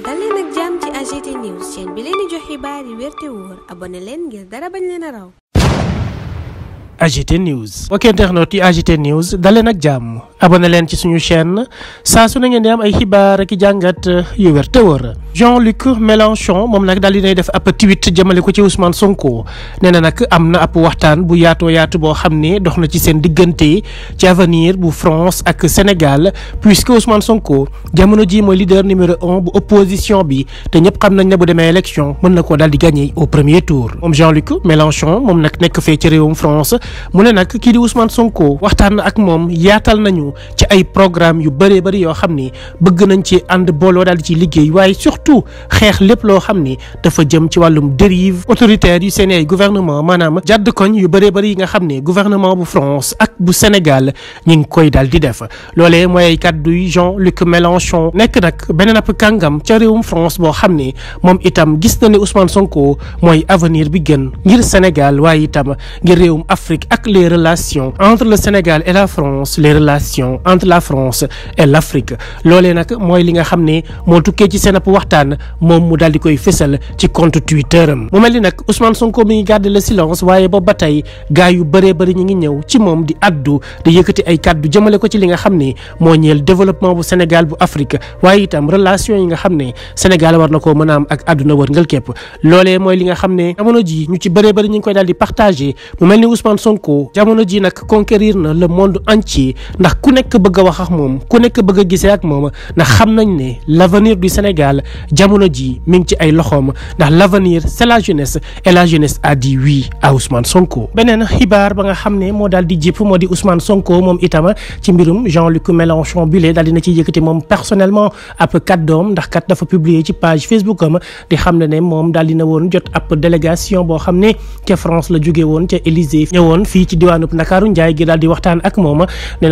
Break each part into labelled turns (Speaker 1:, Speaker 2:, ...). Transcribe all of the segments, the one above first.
Speaker 1: dal leen ak jàmm ci AGT news chaîne bi leen di jox xibaar yi wér te wóor abonné leen ngir dara bañ leen a raw. AGT news. ok internautes yi AGT news daleen ak jàmm. abonné leen ci suñu chaîne saa su na ngeen di am ay xibaar ak jàngat euh, yu wér te wóor Jean-Luc Mélenchon moom nag daal di nay def ab tweet jëmale ko ci Ousmane Sonko nee na nag am na ab waxtaan bu yaatoo yaatu boo xam ne dox na ci seen diggante ci avenir bu France ak Sénégal puisque Ousmane Sonko jamono ji mooy leader numéro un bu opposition bi te ñëpp xam nañ ne bu demee élection mën na koo daal di gagné au premier tour. moom Jean-Luc Mélenchon moom nag nekk fee ci réewum France mu ne nag kii di Ousmane Sonko waxtaan ak moom yaatal nañu. noonu ci ay programme yu bëree bëri yoo xam ni bëgg nañ ci ànd booloo daal di ci liggéey waaye surtout xeex lépp loo xam ni dafa jëm ci wàllum dérive autoritaire yu seen ay gouvernement maanaam jàdd koñ yu bëree bëri yi nga xam ne gouvernement bu France ak bu Sénégal ñu ngi koy daal di def loole mooy kàddu Jean-Luc Mélenchon nekk nag beneen ab kàngam ca réewum France boo xam ne moom itam gis na ne usman Sonko mooy avenir bi gën ngir Sénégal waaye itam ngir réewum ak les relation entre la France et l' Afrique loolee nag mooy li nga xam ne moo tukkee ci seen waxtaan moom mu daal di koy fésal ci compte Twitter am. mu mel ni nag Ousmane Sonko mi ngi garder le silence waaye boobu ba tey gars yu bëree bëri ñu ngi ñëw ci moom di addu di yëkkati ay kàddu jëmale ko ci li nga xam ne moo ñeel développement bu Sénégal bu Afrique waaye itam relation yi nga xam ne Sénégal war na koo mën am ak àdduna wërngal képp mooy li nga xam ne jamono ji ñu ci bëree bëri ñu ngi koy daal di partagé mu mel ni Ousmane Sonko jamono ji nag conquérir na le monde entier ndax ku nekk bëgg a wax ak moom ku nekk bëgg a gisee ak moom ndax xam nañ ne l' avenir du Sénégal jamono ji mi ngi ci ay loxoom ndax l' avenir la jeunesse et la jeunesse a dit oui à Ousmane Sonko. beneen xibaar ba nga xam ne moo daal di jëpp moo di Ousmane Sonko moom itam ci mbirum Jean-Luc Mélenchon bile daal dina ci yëkkati moom personnellement ab kàddoom ndax kat dafa publier ci page Facebook di xam ne ne moom daal na woon jot ab délégation boo xam ne ca France la woon ca Élysée fii ci diwaanub Ndakaaru Njaay gi di waxtaan ak moom nee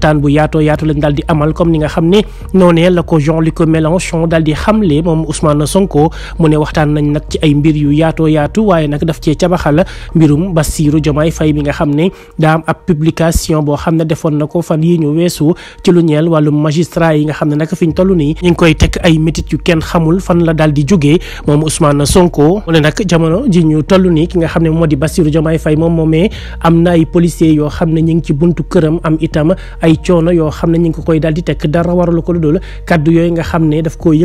Speaker 1: waxtaan bu yaatoo yaatu lañ daal di amal kom ni nga xam ne noonee la ko Jean-Luc Mélenchon daal di xamle moom Ousmane Sonko mu ne waxtaan nañ nag ci ay mbir yu yaatoo yaatu waaye nag daf cee cabaxal mbirum Bassirou Diomaye Faye bi nga xam ne daa am ab boo xam ne defoon na ko fan yi ñu weesu ci lu ñeel wàllum magistrat yi nga xam ne nag fi ñu toll nii ñu ngi koy teg ay métit yu kenn xamul fan la daal di jógee moom Ousmane na mu ne nag jamono ji ñu toll nii ki nga xam ne moo di Bassirou Diomaye Faye moom moomee am na ay policiers yoo xam ne ñu ngi ci buntu këram am itam ay coono yoo xam ne ñi ngi ko koy daal di teg dara waralu ko lu dul kaddu yooyu nga xam ne daf koo mu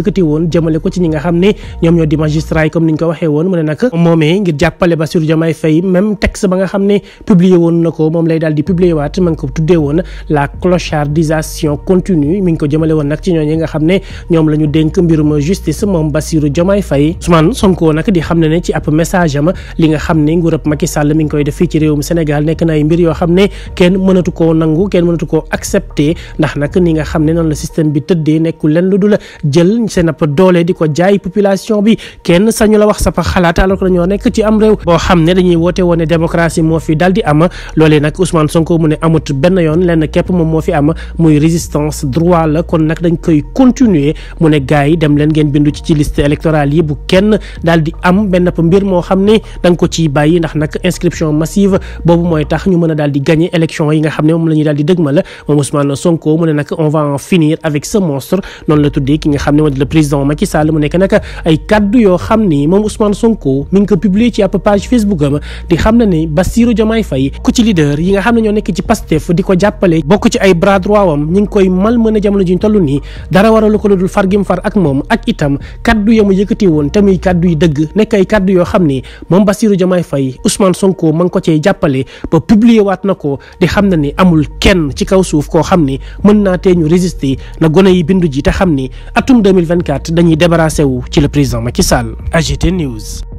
Speaker 1: ma ngi ko tuddee woon la jëmale woon nag ci ñooñu nga xam ne ñoom la ñu dénk justice moom Bassirou Diomaye Faye Ousmane Sonko nag di xam ne ne ci ab message li nga xam ne nguurab Macky Sall mi ngi koy def ci réewum Sénégal nekk na ay mbir yoo xam ne kenn mënatu koo nangu kenn mënatu koo accepté ndax nag ni nga xam ne noonu la système bi tëddee nekkul leen lu dul jël seen ab doole di ko jaay population bi kenn sañu la wax sa xalaat alors que dañoo nekk ci am réew boo xam ne dañuy woote woon ne démocratie moo fi dal di am loolee nag Ousmane Sonko mu ne amut benn yoon lenn képp moom moo fi am muy résistance droit la kon nag dañ koy continuer mu ne gars yi dem leen ngeen bindu ci ci liste électorale yi bu kenn daal di am benn mbir moo xam ne da nga ko ciy bàyyi ndax nag inscription massive boobu mooy tax ñu mën a daal di gagner élection yi nga xam ne moom la ñuy daal di la moom Ousmane Sonko mu ne nag on va en finir avec ce monstre noonu la tuddee ki nga xam ne moo di le président Macky Sall mu nekk nag ay kaddu yoo xam ne a jamono ji ñu toll nii dara moom ak itam kaddu ya mu ma ngi ko cee jàppale ba publier waat na ko di xam ne ni amul kenn ci kaw suuf koo xam ni mën naa tee ñu résister na gone yi bindu ji te xam ni atum 2024 dañuy débarrassé wu ci le président Macky Sall AGT News